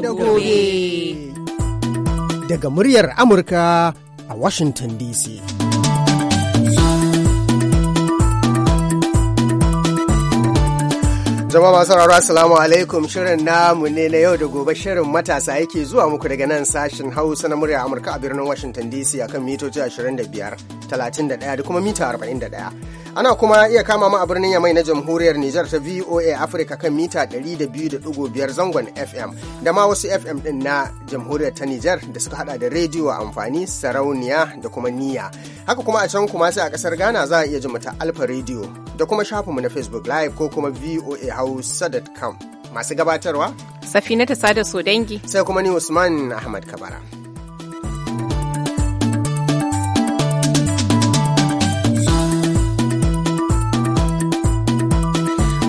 da gobe. Daga muryar Amurka a Washington DC. Jama'a masu sauraro Assalamu alaikum shirin namu ne na yau da gobe shirin matasa yake zuwa muku daga nan sashen Hausa na murya Amurka a birnin Washington DC akan mitoci 25, 31 da kuma mita 41. Ana kuma iya kama mu a birnin Yamai na Jamhuriyar Nijar ta VOA Africa kan mita 200.5 zangon FM da ma wasu FM din na Jamhuriyar ta Nijar da suka hada da rediyo a amfani sarauniya da kuma niya. Haka kuma a can kuma sai a kasar Ghana za a iya jin ta Alfa rediyo da kuma shafin mu na Facebook Live ko kuma voahausa.com. Masu gabatarwa? Safina ta sada so Sai kuma ni Usman Ahmad Kabara.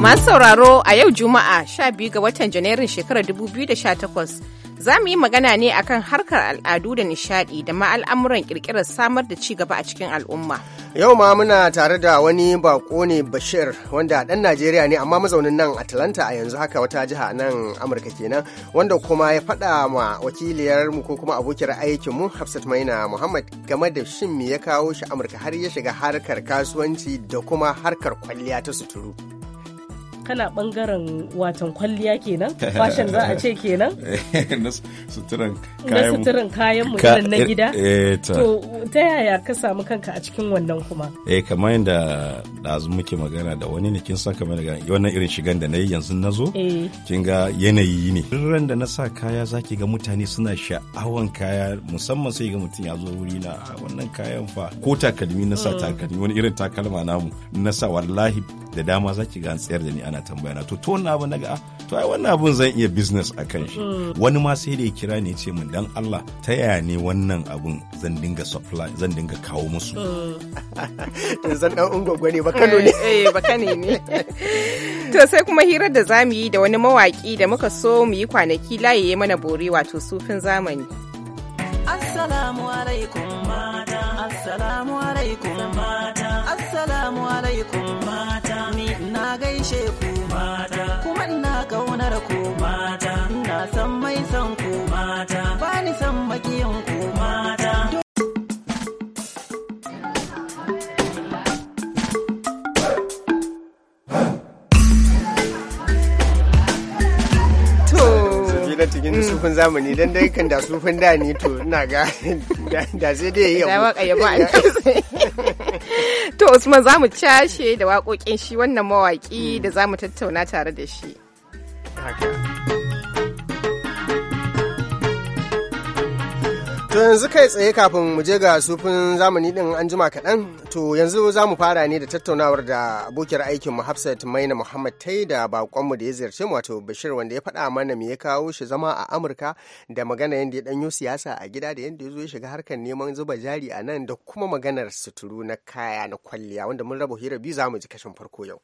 Masu sauraro a yau Juma'a 12 ga watan Janairun shekarar 2018 za mu yi magana ne akan harkar al'adu da nishadi da ma al'amuran kirkirar samar da ci gaba a cikin al'umma. Yau ma muna tare da wani bako ne Bashir wanda ɗan Najeriya ne amma mazaunin nan Atlanta a yanzu haka wata jiha nan Amurka kenan wanda kuma ya faɗa ma wakiliyar mu ko kuma abokiyar aikin mu Hafsat Maina Muhammad game da shin me ya kawo shi Amurka har ya shiga harkar kasuwanci da kuma harkar kwalliya ta suturu. kana bangaren watan kwalliya kenan fashion za a ce kenan eh, na suturan kayan mu irin na eh, gida eh, to ta yaya ka samu kanka a cikin wannan kuma eh kamar yadda ɗazu muke magana da wani ne kin san kamar da wannan irin shigan da na yi yanzu na zo kin ga yanayi ne ran da na sa kaya zaki ga mutane suna sha'awan kaya musamman sai ga mutum ya zo wuri na ah, wannan kayan fa ko takalmi na sa mm. takalmi wani irin takalma namu na sa wallahi da dama za ki ga tsayar da ni ana tambaya na to to wannan abu naga to ai wannan abun zan iya business a kan shi wani ma sai da ya kira ne ce min dan Allah ta yaya ne wannan abun zan dinga supply zan dinga kawo musu zan dan ungwagwa ne ba Kano ne eh, eh ba Kano ne to sai kuma hirar da zamu yi da wani mawaki da muka so mu yi kwanaki layaye mana bore wato sufin zamani Assalamu alaikum mata Assalamu alaikum mata Assalamu alaikum mata irin mm. sufin zamani dan dai kan da sufin da ni to ina ga da sai dai yabo da an to Usman za mu cashe da waƙoƙin shi wannan mawaƙi mm. da za mu tattauna tare da shi okay. To yanzu kai tsaye kafin mu je ga sufin zamani din an jima kaɗan, to yanzu za mu fara ne da tattaunawar da abokiyar aikin mu Hafsat Maina Muhammad tai da bakonmu da ya ziyarce mu wato Bashir wanda ya faɗa mana me ya kawo shi zama a Amurka da magana yadda ya danyo siyasa a gida da yadda ya zo ya shiga harkar neman zuba jari a nan da kuma maganar suturu na kaya na kwalliya wanda mun raba hira biyu za mu ji kashin farko yau.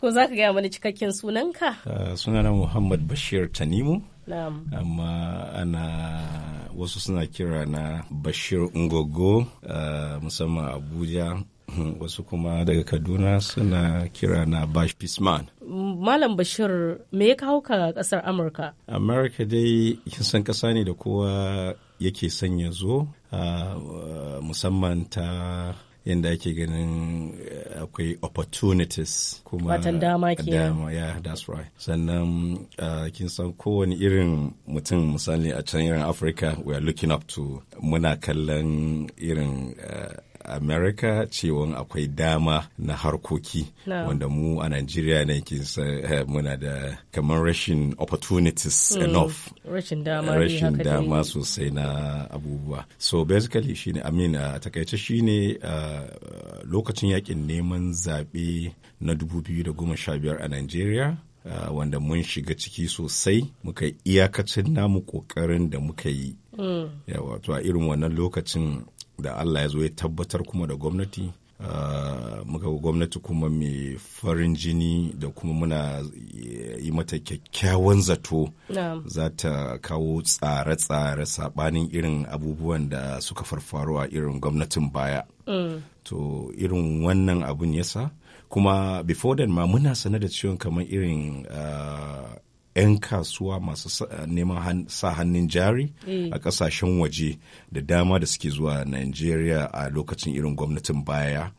Ko za ka gaya mana cikakken sunanka? Ah, sunana Muhammad Bashir Tanimu. Amma ana wasu suna kira na Bashir Ngogo eh, musamman Abuja hmm, wasu kuma daga Kaduna suna kira na Bash Pisman. Malam Bashir me ya kawo ka kasar Amurka? Amurka dai kin san kasa ne da kowa yake son ya zo eh, musamman ta yadda ake ganin eh, akwai opportunities kuma watan dama ke dama yeah that's right sannan eh, kin san kowane irin mutum misali a can irin Africa we are looking up to muna kallon irin eh, america cewa akwai dama na harkoki no. wanda mu a nigeria ne ke eh, muna da kamar rashin opportunities mm. enough rashin dama rashin dama sosai na abubuwa so basically shine i mean a takaice shine uh, lokacin yakin neman zaɓe na 2015 a nigeria Uh, wanda mun shiga ciki sosai muka iyakacin namu kokarin da muka yi mm. yawa to a irin wannan lokacin da allah ya zo ya tabbatar kuma da gwamnati Uh, ga gwamnati kuma mai farin jini da kuma muna yi mata kyakkyawan zato Zata za ta kawo tsare-tsare saɓanin irin abubuwan da suka farfaro a irin gwamnatin baya mm. to irin wannan abun yasa kuma before then ma muna sane da ciwon kamar irin ah, 'yan kasuwa masu eh, neman sa hannun jari eh. a kasashen waje da dama da suke zuwa Najeriya a lokacin irin gwamnatin baya.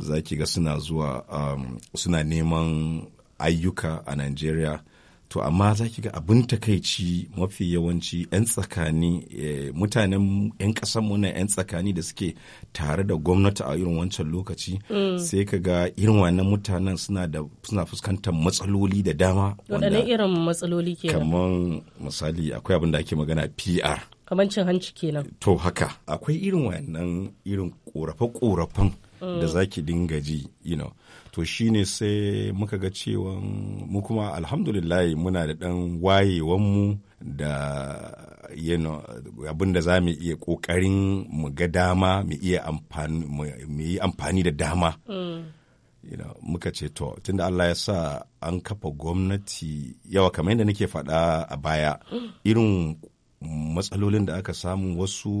Za ga suna zuwa um, suna neman ayyuka a Najeriya. to amma za ki ga abin takaici mafi yawanci 'yan tsakani eh, mutanen 'yan ƙasanmu na 'yan tsakani da suke tare da gwamnati a irin wancan lokaci mm. sai ka ga irin wannan mutanen suna da suna fuskantar matsaloli da dama wadannan irin matsaloli ke kamar misali akwai abin da ake magana pr kamancin hanci kenan to haka akwai irin wannan irin korafe-korafen da mm. za ki dinga ji you know to shi ne sai muka ga cewa mu kuma alhamdulillah muna da dan wayewanmu da you know, abin za mu iya ƙoƙarin mu ga dama mu iya amfani da dama mm. you know, muka ce to tunda Allah ya sa an kafa gwamnati yawa kamar yadda nake faɗa a baya mm. irin matsalolin da aka samu wasu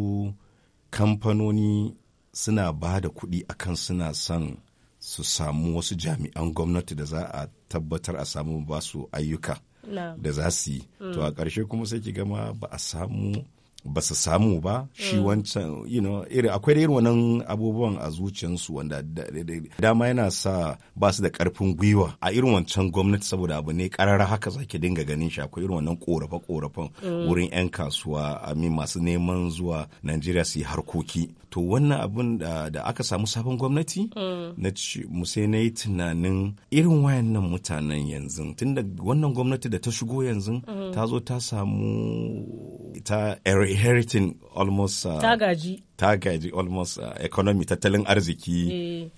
kamfanoni suna ba da kuɗi akan suna son su samu wasu jami'an gwamnati da za a tabbatar a samu ba su ayyuka da za su yi to a ƙarshe kuma sai ki gama ba a samu ba su samu ba shi mm. wancan you know iri akwai irin wannan abubuwan a zuciyarsu wanda dama yana sa ba su da karfin gwiwa a irin wancan gwamnati saboda abu ne karara haka zaki dinga ganin shi akwai irin wannan korafa korafan mm. wurin yan kasuwa a masu neman zuwa Najeriya su yi harkoki to wannan abun da aka samu sabon gwamnati mm. na sai na yi tunanin irin wayannan mutanen yanzu tunda wannan gwamnati da ta shigo yanzu ta zo ta samu ta RA inheriting almost uh, tagaji tagaji almost uh, economy tattalin arziki eh,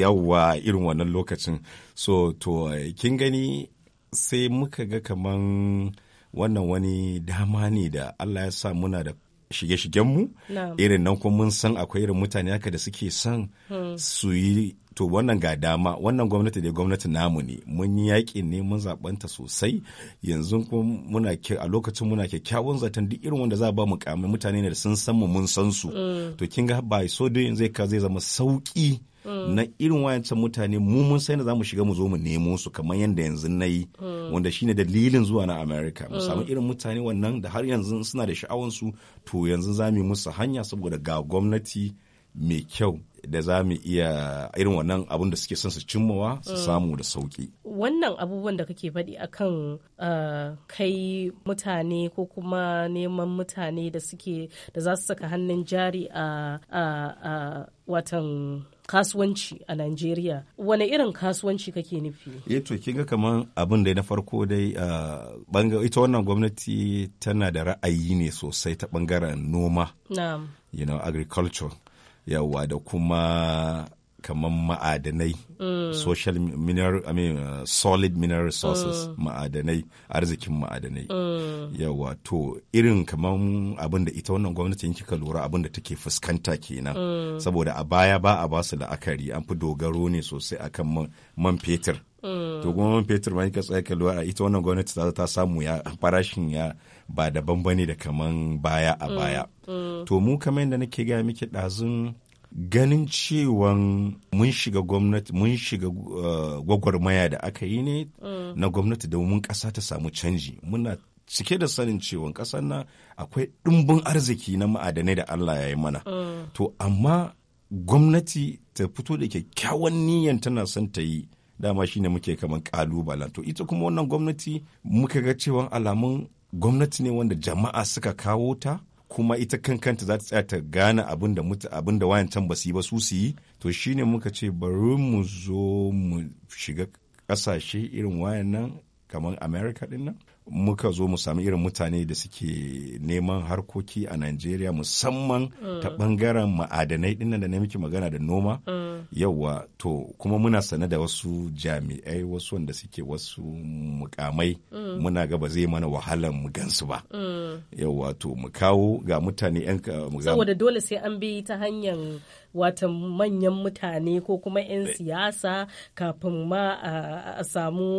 yawwa irin wannan lokacin so to kin gani sai muka ga kaman wannan wani dama ne da Allah ya sa muna da shige-shigenmu irin nan kuma mun san akwai irin mutane haka da suke son hmm. su yi to wannan ga dama wannan gwamnati da gwamnati namu ne mun yi yaƙi ne mun zaɓanta sosai yanzu kuma a lokacin muna kyakkyawan zaton duk irin wanda za a ba mu mutane ne da sun san mu mun san su hmm. to kin ga ba so zai zai zama sauƙi Mm. na irin wayancan mutane mu mun sai da za mu shiga mu zo mu nemo su kamar yadda yanzu na yi mm. wanda shine dalilin zuwa na america mu mm. samu irin mutane wannan da har yanzu suna da sha'awansu to yanzu za mu musu hanya saboda ga gwamnati mai kyau da za mu iya irin wannan abun da suke son su cimmawa su samu da sauki. Wannan abubuwan da kake faɗi akan uh, kai mutane ko kuma neman mutane da suke da za su saka hannun jari a watan kasuwanci a Najeriya wane irin kasuwanci kake nufi? Eh to kinga kaman abin da na farko dai ah, banga ita wannan gwamnati tana da ra'ayi ne sosai ta bangaren noma. Na'am. You know agriculture. Yawa da kuma kamar ma'adanai mm. social mineral i mean uh, solid mineral resources mm. ma'adanai arzikin ma'adanai mm. yawa to irin kamar abin da ita wannan gwamnatin kika lura abin da take fuskanta kenan saboda a baya ba a ba su la'akari an fi dogaro ne sosai akan man fetur to kuma man fetur ma ka tsaya kalwa a ita wannan gwamnati ta ta samu ya farashin ya ba daban bane da kaman baya a baya to mu kamar yadda nake ga miki ɗazun ganin cewan mun shiga gwamnati mun shiga eh, gwagwarmaya da aka yi ne mm. na gwamnati da domin ƙasa ta samu canji muna cike da sanin cewan ƙasar na akwai ɗimbin arziki na ma'adanai da Allah ya yi mana mm. to amma gwamnati ta fito da kyakkyawan niyan tana son ta yi dama shine muke kaman kalubala to ita kuma wannan gwamnati muka ga cewa alamun gwamnati ne wanda jama'a suka kawo ta kuma ita kankanta za ta tsaya ta gane abin da abin da wayancan ba su yi ba su su yi to shine muka ce bari mu zo mu shiga kasashe irin wayannan kamar america din nan muka zo mu sami irin mutane da suke neman harkoki a Najeriya musamman mm. ta bangaren ma'adanai dinnan da na miki magana da noma mm. yawa to kuma muna sane da wasu jami'ai wasu wanda suke wasu mukamai mm. muna ga ba zai mana wahalan mu gansu ba mm. yawa to mu kawo ga mutane yan saboda dole sai an bi ta hanyar wata manyan mutane ko kuma 'yan eh. siyasa kafin ma a samu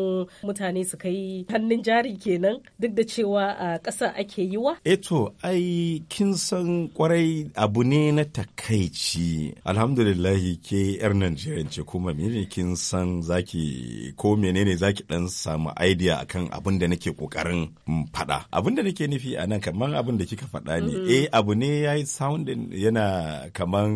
mutane su kai hannun jari ke kenan duk da cewa a ƙasa ake yi wa? Eto, eh ai kin san kwarai abu ne na takaici. Alhamdulillahi ke 'yar Najeriya ce kuma mene kin san zaki ko menene zaki ɗan samu idea akan abin da nake kokarin faɗa. Abin da nake nufi a nan kamar abin da kika faɗa ne. Mm-hmm. Eh abu ne ya yi sounding yana kaman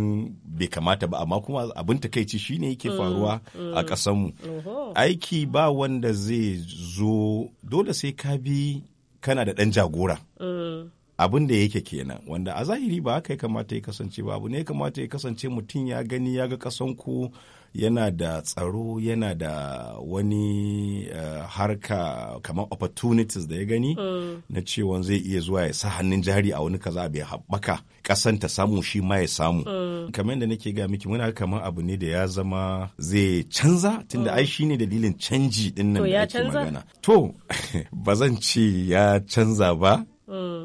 bai kamata ba amma kuma abin takaici shine yake mm-hmm. faruwa a ƙasanmu. Mm-hmm. Aiki ba wanda zai zo dole sai ka bi kana da ɗan jagora mm. abin da yake kenan wanda a zahiri ba haka ya kamata ya kasance ba abu ne ya kamata ya kasance mutum ya gani ya ga kasanku yana da tsaro yana da wani eh, harka kamar opportunities da ya gani mm. na cewa zai iya zuwa ya sa hannun jari a wani kaza bai haɓaka kasan ta samu shi ma ya samu mm. kamar da nake ga miki muna kamar abu ne da ya zama zai canza tunda mm. ai shi ne dalilin canji din nan da ake magana to ba zan ce ya canza ba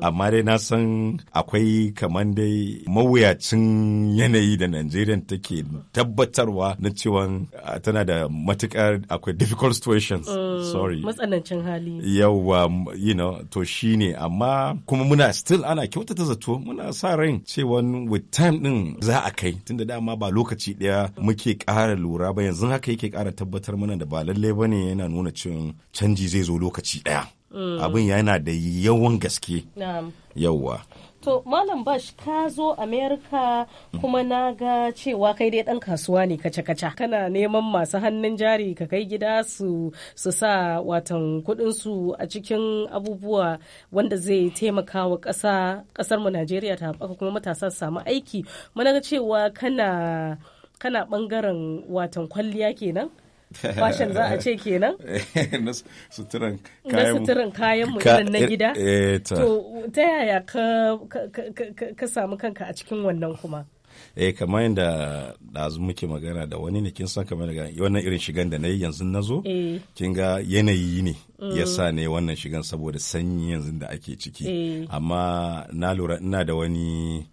amma dai na san akwai kamar dai mawuyacin yanayi da Najeriya take tabbatarwa na cewa tana da matukar akwai difficult situations mm, sorry matsanancin hali yawa you know to shine amma kuma muna still ana kyautata zato muna sa ran cewa with time din za a kai tunda dama ba lokaci daya muke ƙara lura ba yanzu haka yake ƙara tabbatar mana da ba lallai bane yana nuna cewa canji zai zo lokaci daya Mm. abin yana da yawan gaske yawwa to malam bash ka zo america kuma na ga cewa kai dai dan kasuwa ne kaca-kaca kana neman masu hannun jari ka kai gida su su sa watan kudin a cikin abubuwa wanda zai taimaka wa kasar mu najeriya ta haɓaka kuma matasa su samu aiki mana ga cewa kana ɓangaren watan kwalliya kenan fashion za a ce kenan eh, na suturan kayan mu irin na gida eh, eh, to ta yaya ka samu kanka a cikin wannan kuma eh kamar yadda ɗazu muke magana da wani ne kin san kamar da wannan irin shigan da na yi yanzu nazo kin ga yanayi ne ya mm. sa ne wannan shigan saboda sanyi yanzu da ake ciki amma na lura ina da wani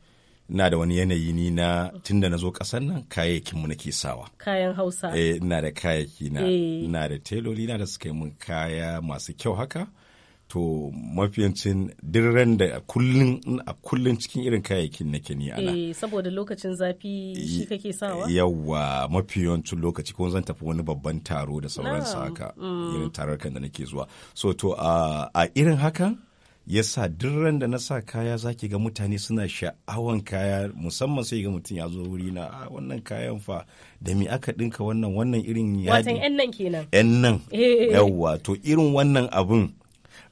na da wani yanayi ni na tun da na zo ƙasar nan kayayyakin mu nake sawa kayan hausa eh ina da kayayyaki na eh. ina da teloli na da suka yi mun kaya masu kyau haka to mafiyancin dirren da kullun a kullun cikin irin kayayyakin nake ni ana eh saboda lokacin zafi shi kake sawa yawa mafiyancin lokaci ko zan tafi wani babban taro da sauransu ah, haka mm. irin tararkan da nake zuwa so to a irin hakan yasa sa ran da na sa kaya zaki ga mutane suna sha'awan kaya musamman sai ga mutum ya zo wuri na ah, wannan kayan fa da me aka dinka wannan wannan irin yadi watan yan nan kenan yan nan eh. yawwa to irin wannan abun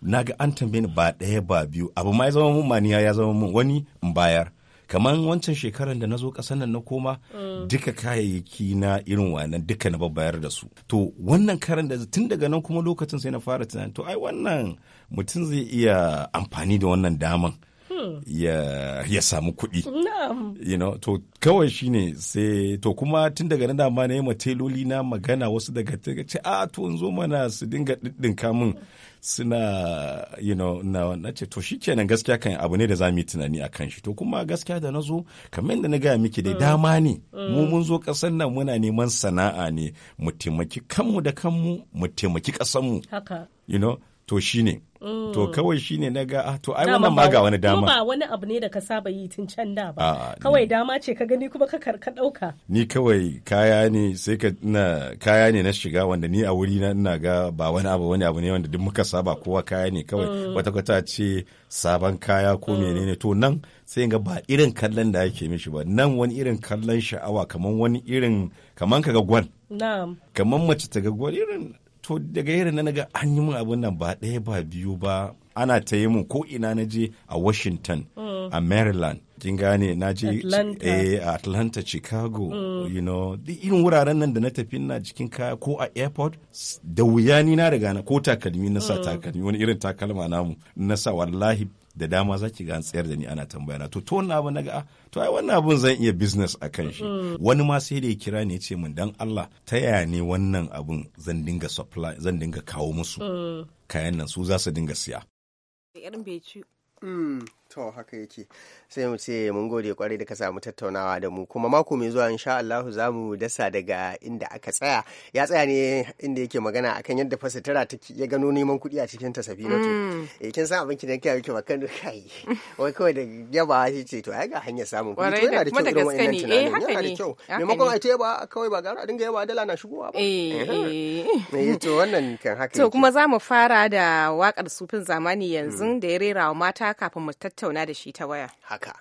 naga an tambaye ni ba ɗaya ba biyu abu ma ya zama mun maniya ya zama mun wani in bayar kamar wancan shekaran da na zo ƙasar nan na koma mm. duka kayayyaki na irin wannan duka na babbayar da su to wannan karan da tun daga nan kuma lokacin sai na fara tunani to ai wannan mutum zai iya amfani da wannan daman ya samu kuɗi you know to kawai shine sai to kuma tun daga nan dama na yi teloli na magana wasu daga ce a to zo mana su dinga ɗinɗinka min suna you know na na ce to kenan gaskiya kan abu ne da za mu yi tunani a kan shi to kuma gaskiya da na zo kamar da na gaya miki dai mm. dama ne mu mm. mun zo kasan nan muna neman sana'a ne mu taimaki kanmu da kanmu mu taimaki kasanmu you know to shine Mm. to kawai shi ne na ga a ah, to ai wannan ma ga wani dama ba wani abu ne da ka saba yi tun can da ba kawai dama ce ka gani kuma ka karka dauka ni kawai kaya ne sai ka na kaya ne na shiga wanda ni a wuri na ina ga ba wani abu wani abu ne wanda duk muka saba kowa kaya ne kawai wata mm. kwata ce sabon kaya ko mm. menene to nan sai ga ba irin kallon da ake mishi ba nan wani irin kallon sha'awa kaman wani irin kaman kaga gwal Kaman mace ta ga gwal irin to daga yadda na naga an yi mun abin nan ba ɗaya ba biyu ba ana ta yi mun ko ina na je a washington mm. a maryland kin gane na je atlanta eh, chicago mm. you know irin wuraren nan da na tafi na cikin kaya ko a airport da wuya ni na riga na ko takalmi na sa mm. takalmi wani irin takalma namu na sa wallahi da dama za ki ga an tsayar da ni ana tambaya na to to wannan abu na ga ah, to ai wannan abun zan iya business a kan shi mm. wani ma sai da ya kira ne ce min dan Allah ta yaya ne wannan abun zan dinga supply zan dinga kawo musu mm. kayan nan su za su dinga siya irin mm. to haka yake sai mu ce mun gode kwarai da ka samu tattaunawa da mu kuma mako mai zuwa insha Allah za mu dasa daga inda aka tsaya ya tsaya ne inda yake magana akan yadda fasitara ta ya gano neman kuɗi a cikin ta sabi mm. eh kin san abin ki da kiyaye ki makan kai wai kawai da yaba shi ce to ai ga hanyar samun kuɗi to yana da kyau irin wannan eh, tunanin yana da kyau maimakon a ta ba kawai ba gara dinga yaba dala na shigowa ba eh, eh to wannan kan haka to kuma za mu fara da wakar sufin zamani yanzu mm. da ya rera wa mata kafin mu tattauna tattauna da shi ta waya haka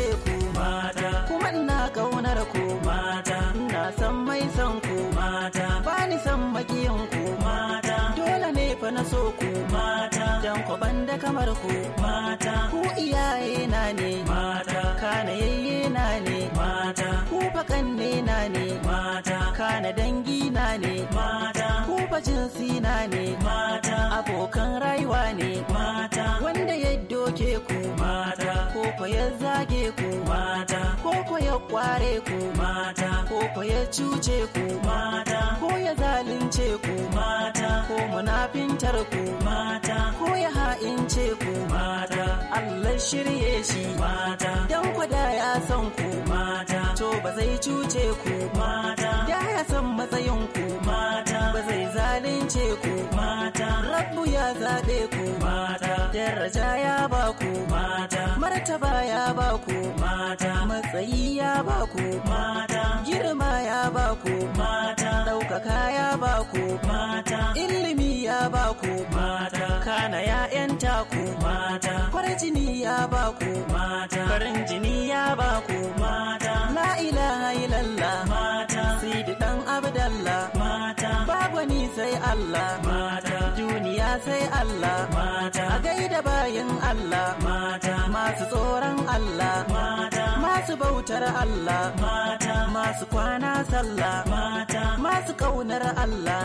ce ku mata kuma ina kaunar ku mata ina san mai san ku mata ba ni san makiyan ku mata dole ne fa na so ku mata dan ku banda kamar ku mata ku iyaye na ne mata kana yayye na ne mata ku bakan ne na ne mata kana dangi na ne mata ku bajin jinsi na ne mata abokan rayuwa ne mata kare ku mata ko ko ya cuce ku mata ko ya zalunce ku mata ko munafintar ku mata ko ya ha'ince ku mata Allah shirye shi mata dan kwada ya san ku mata to ba zai cuce ku mata da ya san matsayin ku mata ba zai zalunce ku mata rabbu ya zabe ku mata daraja ya ba ku mata martaba ya ba mata matsayi ya ba mata girma ya ba ku mata ɗaukaka ya ba ku mata ilimi ya ba mata kana ya yanta ku mata kwarjini ya ba mata farin jini ya ba ku mata la ilaha illallah mata sidi dan abdallah mata ni sai Allah mata duniya sai Allah mata a gaida bayan Allah mata masu tsoron Allah masu bautar Allah masu kwana sallah masu kaunar Allah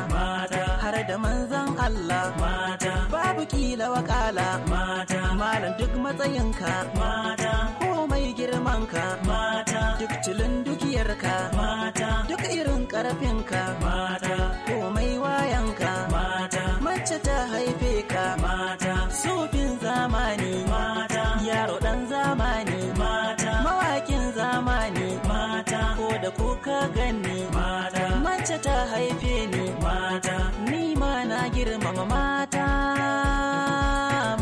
har da manzan Allah babu kila wakala malam duk matsayinka komai girmanka duk cilin dukiyarka duk irin karfinka haife ni mata ni ma na girmama mata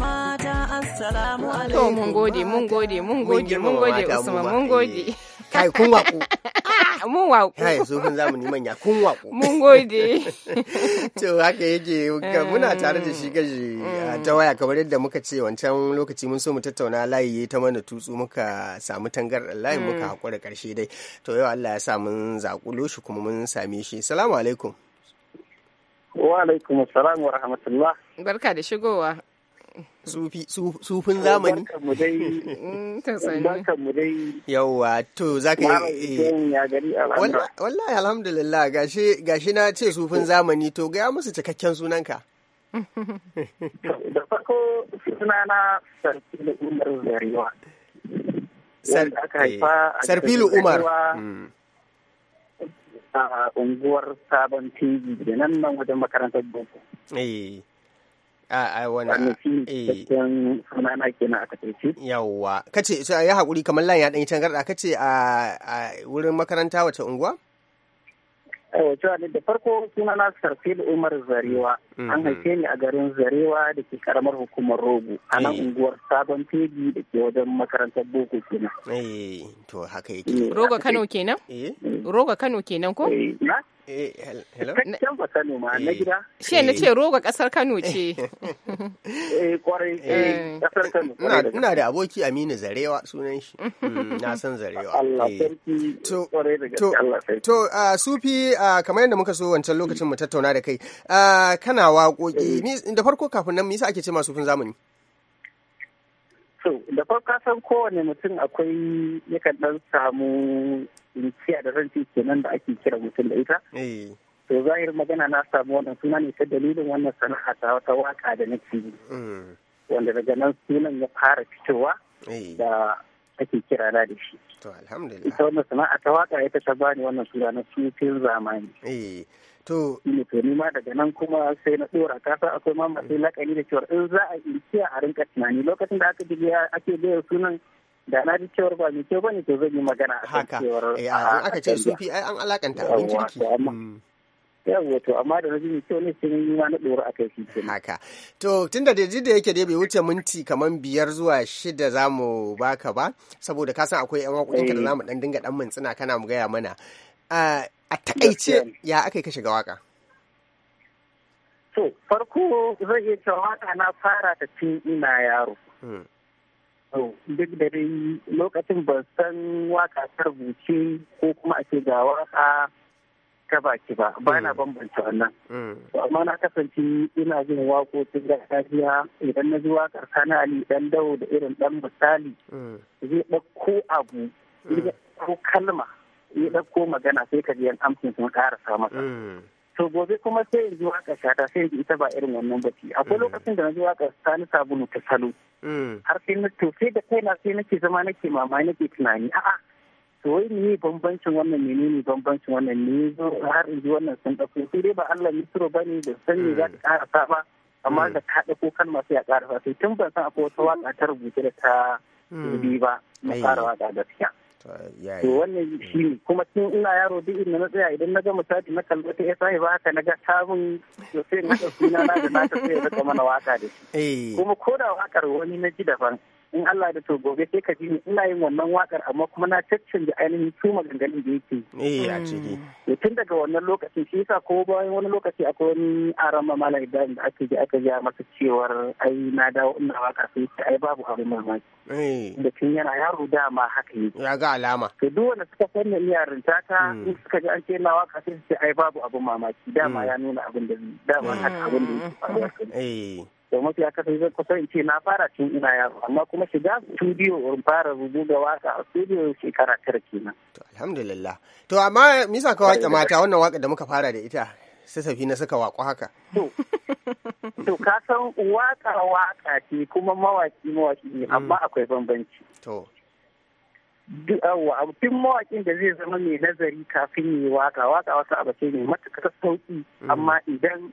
mata assalamu alaikum to mun gode mun gode mun gode mun gode usman mun gode kai kun waku mun waƙo hai tsofin zamani manya kun waƙo mun gode to haka yake muna tare da shi gaji ta waya kamar yadda muka ce wancan lokaci mun so mu tattauna layi ta mana tutsu muka samu tangar layi mm. muka haƙura karshe dai to yau Allah ya sa mun zaƙulo shi kuma mun same shi salamu alaikum wa alaikum wa rahmatullah barka da shigowa sufin zamani mm, yauwa to za ka yi eh. wallahi alhamdulillah gashi na ce sufin zamani to gaya musu cikakken sunanka da farko na sarfilu umar zarewa eh, sarfilu umar a unguwar sabon tv da nan nan wajen makarantar boko eh. a wani eh kace sai ya hakuri kamar lan ya dan can garda kace a wurin makaranta wata unguwa cewa eh, ne da farko sunana sarfil umar zarewa mm-hmm. an haife ni a garin zarewa da ke karamar hukumar rogo a nan eh. unguwar sabon Tebi da ke wajen makarantar boko kenan eh, to haka yake rogo kano kenan rogo kano kenan ko Eh, hello? Cikakken ba Kano ma na eh. gida. Shi na ce eh. rogo kasar Kano ce. Eh, kwarai, kasar eh, Kano. Ina da aboki Aminu Zarewa sunan shi. Mm, na san Zarewa. Allah sarki. To, to, uh, Sufi, uh, kamar yadda muka so wancan lokacin mu tattauna da kai. Uh, kana waƙoƙi, da farko kafin nan me yasa ake ce masu fin zamani? To, da farko san kowane mutum akwai yakan ɗan samu insiya da ranci kenan da ake kira mutum da ita eh. to zahir magana na samu wannan suna ne ta dalilin wannan sana'a ta wata waka da na yi mm. wanda daga nan sunan ya fara fitowa eh. da ake kira na da shi to alhamdulillah ita wannan sana'a ta waka ita ta bani wannan suna na sufin zamani eh. To. Shine to nima daga nan kuma sai na dora ka sa akwai ma masu mm. lakani da cewa in za a insiya a rinka tunani lokacin da aka biya ake biyan sunan da na ji cewar ba mai kyau bane to zan yi magana eh, a kan cewar aka ce sufi ai an alakanta abin kirki hmm. yawwa to amma da rajin kyau ne sun yi na ɗora akai shi ke haka to tunda da da yake da bai wuce minti kaman biyar zuwa shida za mu baka ba saboda ka san akwai yan waƙoƙin da eh. za mu ɗan dinga ɗan mintsina kana mu gaya mana a taƙaice ya aka yi ka shiga waƙa to farko zai iya cewa waƙa na fara ta tun ina yaro hmm. duk da dai lokacin ban san waka ta rubuce ko kuma a ga waka ta baki ba ba na mm. bambanta wannan mm. amma na kasance ina jin waƙoƙin gargajiya idan na ji wakar sana ali dan dawo da irin dan misali mm. zai ɗauko abu ko kalma ya ɗauko magana sai ka ji yan amsin sun ƙarasa masa to gobe kuma sai yanzu ji waka shata sai in ita ba irin wannan ba ce akwai mm. lokacin da na ji waka sani sabulu ta salo mm. har sai na to sai da kaina sai nake zama nake mama nake tunani a'a to wai ne bambancin wannan menene bambancin wannan ne zo har in wannan sun dauko sai dai ba Allah misro bane da sani za ta mm. sa ba amma da ka dauko kalma sai a sa sai tun ban san akwai wata waka ta rubuce da ta bi ba mu fara waka gaskiya to wannan shi ne kuma tun ina yaro duk inda na tsaya idan na ga misali na kalli wata ya ba haka na ga sabon sosai na ɗauki na da na ta sai ya mana waka da shi eh. kuma ko da wakar wani na ji daban in Allah da to gobe sai ka ji ni ina yin wannan wakar amma kuma na caccanje ainihin su maganganun da yake eh tun daga wannan lokaci, shi yasa ko bayan wani lokaci akwai wani aran mamala idan da ake ji aka ja masa cewar ai na dawo ina waka sai ce ai babu abin mamaki eh. da tun yana yaro dama haka yi ya ga alama to duk wanda suka sanna ni yarinta ta hmm. in suka ji an ce na waka sai ce ai babu abin mamaki dama hmm. ya nuna abin da dama hmm. haka abin da yake da mafi akasari zai kusan in ce na fara tun ina yaro amma kuma shiga studio in fara da waka a studio shekara tara kenan to alhamdulillah to amma misa ka waƙe mata wannan waka da muka fara da ita safi na suka waku haka to ka san waƙa waƙa ce kuma mawaƙi mawaƙi ne hmm. amma akwai bambanci to tun mawakin da zai zama mai nazari kafin yi waka waka wasu abu ne matuƙar sauƙi hmm. amma idan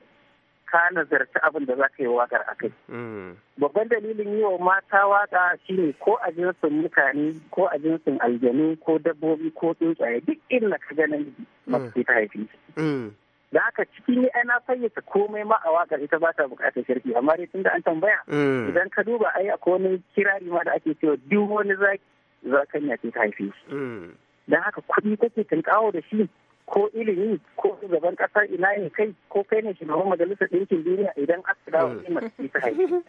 ka nazarci abin da za ka yi wakar a kai. Mm. Babban dalilin yi wa mata waka shine ko a jinsin mutane ko a jinsin aljanu ko dabbobi ko tsuntsaye duk na ka ganin masu mm. ta haifi. Mm. Da haka cikin ni ana fayyace komai ma a wakar ita ba ta bukatar shirki amma dai tun da an tambaya idan ka duba ayi akwai wani kirari ma da ake cewa duk wani zaki zakanya ce ta haifi. Da haka kuɗi kake tunkawo da shi ko ilimi ko shugaban kasar ina ne kai ko kai ne shugaban majalisar ɗinkin duniya idan aka dawo ne hmm. masu ta haife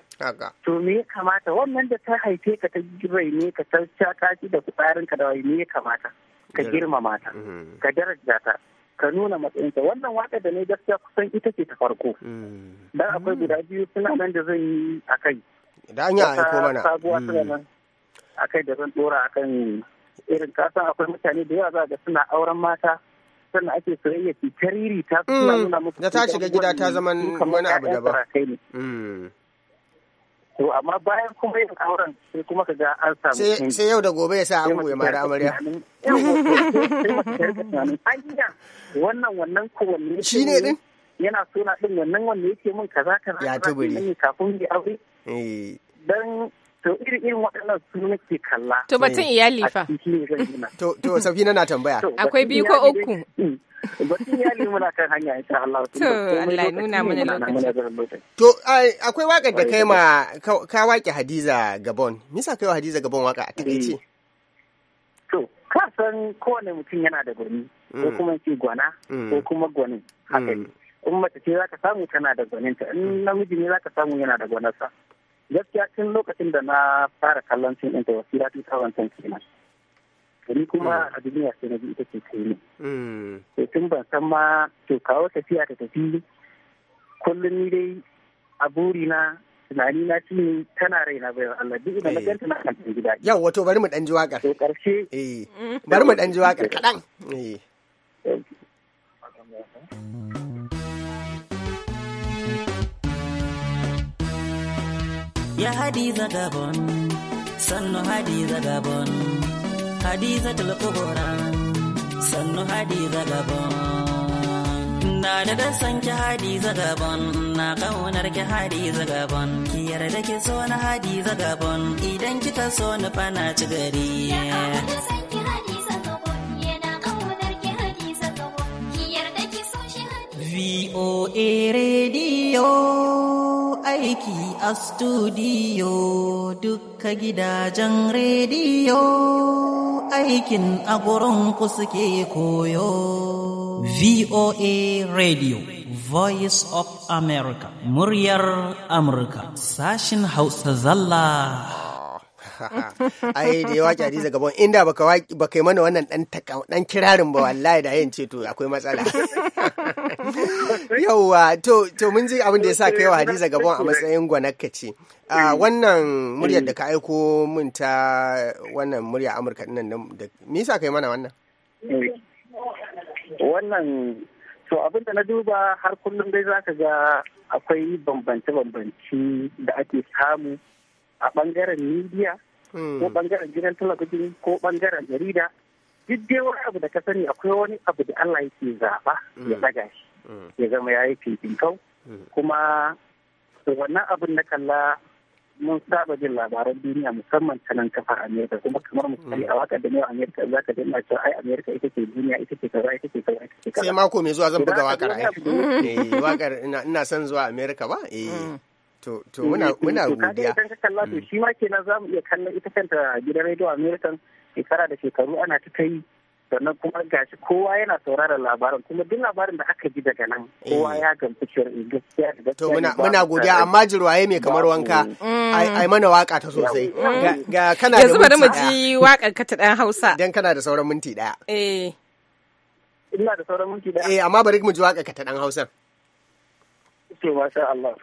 to me ya kamata wannan da ta haife ka ta girai ne ka ta shaka da kutsarin ka da wai me ya kamata ka girmama ta hmm. ka daraja ta ka nuna matsayinta wannan waƙa da ne gaskiya kusan ita ce ta farko hmm. dan akwai guda biyu suna nan da zan yi a kai da an yi aiko mana sabuwa a kai da zan dora akan irin kasan akwai mutane da yawa za ga suna auren mata matan ake soyayya ce ta riri ta mm, suna nuna musu da ta shiga gida ta zama wani abu da ba mm. to amma bayan kuma yin auren sai kuma ka ga an samu sai yau da gobe ya sa an goye mara amarya wannan wannan ko kowanne shi ne din yana suna din wannan wanda yake min kaza kaza ya tuburi kafin ya aure eh. dan to irin irin waɗannan su nake kalla to batun eh, iyali fa to to safina na tambaya akwai biyu ko uku mm. batun iyali muna kan hanya insha Allah to Allah nuna mana lokaci to akwai wakar da kai ma ka wake Hadiza Gabon misa kai wa Hadiza Gabon waka a takeice eh. to ka san kowane mutum yana da gurmi ko mm. kuma ce gwana mm. ko kuma gwanin haka in mace ce za ka samu tana da gwaninta in namiji ne za ka samu yana da gwanarsa gaskiya tun lokacin da na fara kallon fim ɗin da wasira can kenan gani kuma hmm. a duniya sai na ji ita ce kai ne hmm. to tun ban san ma to kawo tafiya ta tafi kullum ni dai a burina tunani na shi ne tana raina bai Allah duk inda na eh. ganta na kan gida yau wato bari mu dan ji wakar to karshe eh. mm. bari mu dan ji wakar kadan eh, eh. ya hadiza gabon sannu hadiza gabon hadiza tulkubura sannu hadiza gabon na da da san ki hadiza gabon na kaunar ki hadiza gabon ki yarda ki so na hadiza gabon idan kika so na fana ci gari VOA rediyo aiki a studio dukka gidajen rediyo aikin a gurin ku suke koyo. VOA Radio Voice of America muryar Amurka sashin Hausa zalla. ai da ya waƙi Hadiza Gabon inda baka baka yi mana wannan dan dan kirarin ba wallahi da yin ce to akwai matsala yauwa to to mun ji abin da ya sa kai wa Hadiza Gabon a matsayin gwanakka ce wannan muryar da ka aiko mun ta wannan murya Amurka dinnan da me yasa kai mana wannan wannan to abin da na duba har kullum dai za ka ga akwai bambance-bambance da ake samu a bangaren media Hmm. ko bangaren gidan talabijin ko bangaren jarida duk dai wani abu da ka sani akwai wani abu da Allah yake zaba hmm. ya daga shi hmm. ya zama ya yi fifikau kuma wannan abin na kalla mun saba jin labaran duniya musamman ta nan kafar amerika kuma kamar misali a wakar da ne amerika za ka dinga cewa ai amerika ita ce duniya ita ce kaza ita ce kaza ita ce kaza sai mako mai zuwa zan buga wakar ai wakar ina son zuwa amerika ba eh To, to eh, muna eh, eh, muna godiya. kan ka kalla to mm. shi ma kenan zamu iya kallon ita kanta gidan Radio American shekara da shekaru ana ta kai sannan kuma gashi kowa yana sauraron labarin kuma duk labarin da aka ji daga nan kowa ya gamsu cewa gaskiya da gaskiya to muna muna godiya amma jirwaye mai kamar wanka mm. ai mana waka ta sosai mm. ga kana da yanzu bari mu ji wakar ka ta dan Hausa dan kana da sauran minti daya eh ina da sauran minti daya eh amma bari mu ji wakar ka ta dan Hausa to masha Allah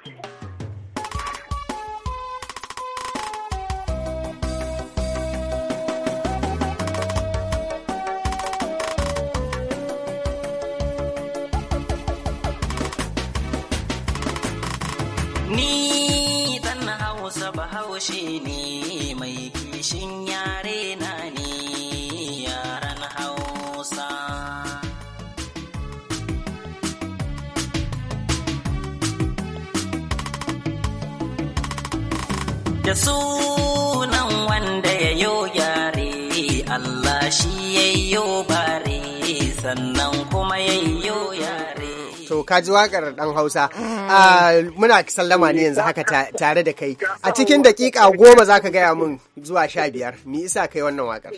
da sunan wanda ya yo yare Allah shi ya yo bare sannan kuma ya yo yare to ka ji wakar dan Hausa ah, muna sallama ne yanzu haka tare da kai a cikin dakika goma zaka gaya mun zuwa sha biyar me isa kai wannan wakar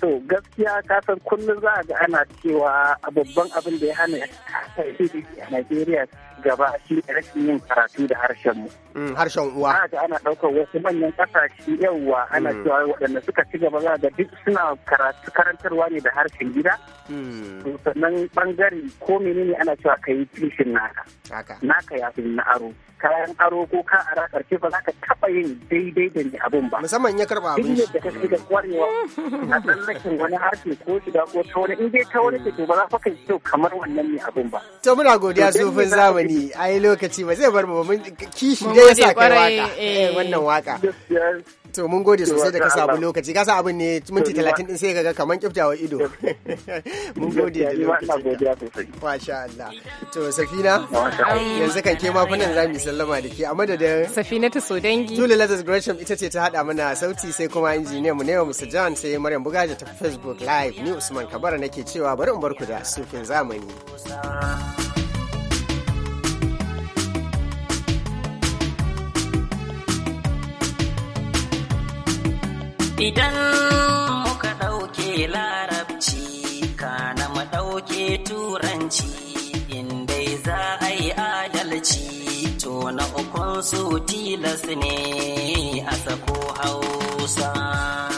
to gaskiya san kullum za a ga ana cewa babban abin da ya hana a Najeriya gaba shi rashin yin karatu da harshen mu. Mm, harshen uwa. Ana ana ɗaukar wasu manyan ƙasashe yawwa ana mm. cewa waɗanda suka ci gaba za ga duk suna karatu karantarwa ne da harshen gida. Mm. Sannan ɓangare ko menene ana cewa ka yi tushen naka. Naka ya fi na aro. Kayan aro ko ka ara ƙarshe ba za ka taɓa yin daidai da ni abin ba. Musamman ya karɓa abin. Duk yadda ka da kwarewa a tsallakin wani harshe ko shiga ko ta wani in dai ta wani ke to ba za ka yi kyau kamar wannan ne abin ba. To muna godiya tsofin zamani. a yi lokaci ba zai bar mu mun kishi da yasa kai waka. Eh, eh, wannan waka. To mun gode sosai da ka samu lokaci. Ka sa abin ne minti 30 din sai kaga kaman kiftawa ido. Mun gode da lokaci. sha Allah. To Safina, yanzu kan ke ma fannin za mu sallama da ke a madadin Safina ta Sodangi. Julie Lazarus Gresham ita ce ta hada mana sauti sai kuma injiniya mu ne Newa Musa John sai Maryam Bugaje ta Facebook Live ni Usman Kabara nake cewa bari in bar ku da sufin zamani. thank you Idan muka ɗauke larabci, kana mu ɗauke turanci, inda za a yi adalci, to na ukun su tilas ne a sako hausa.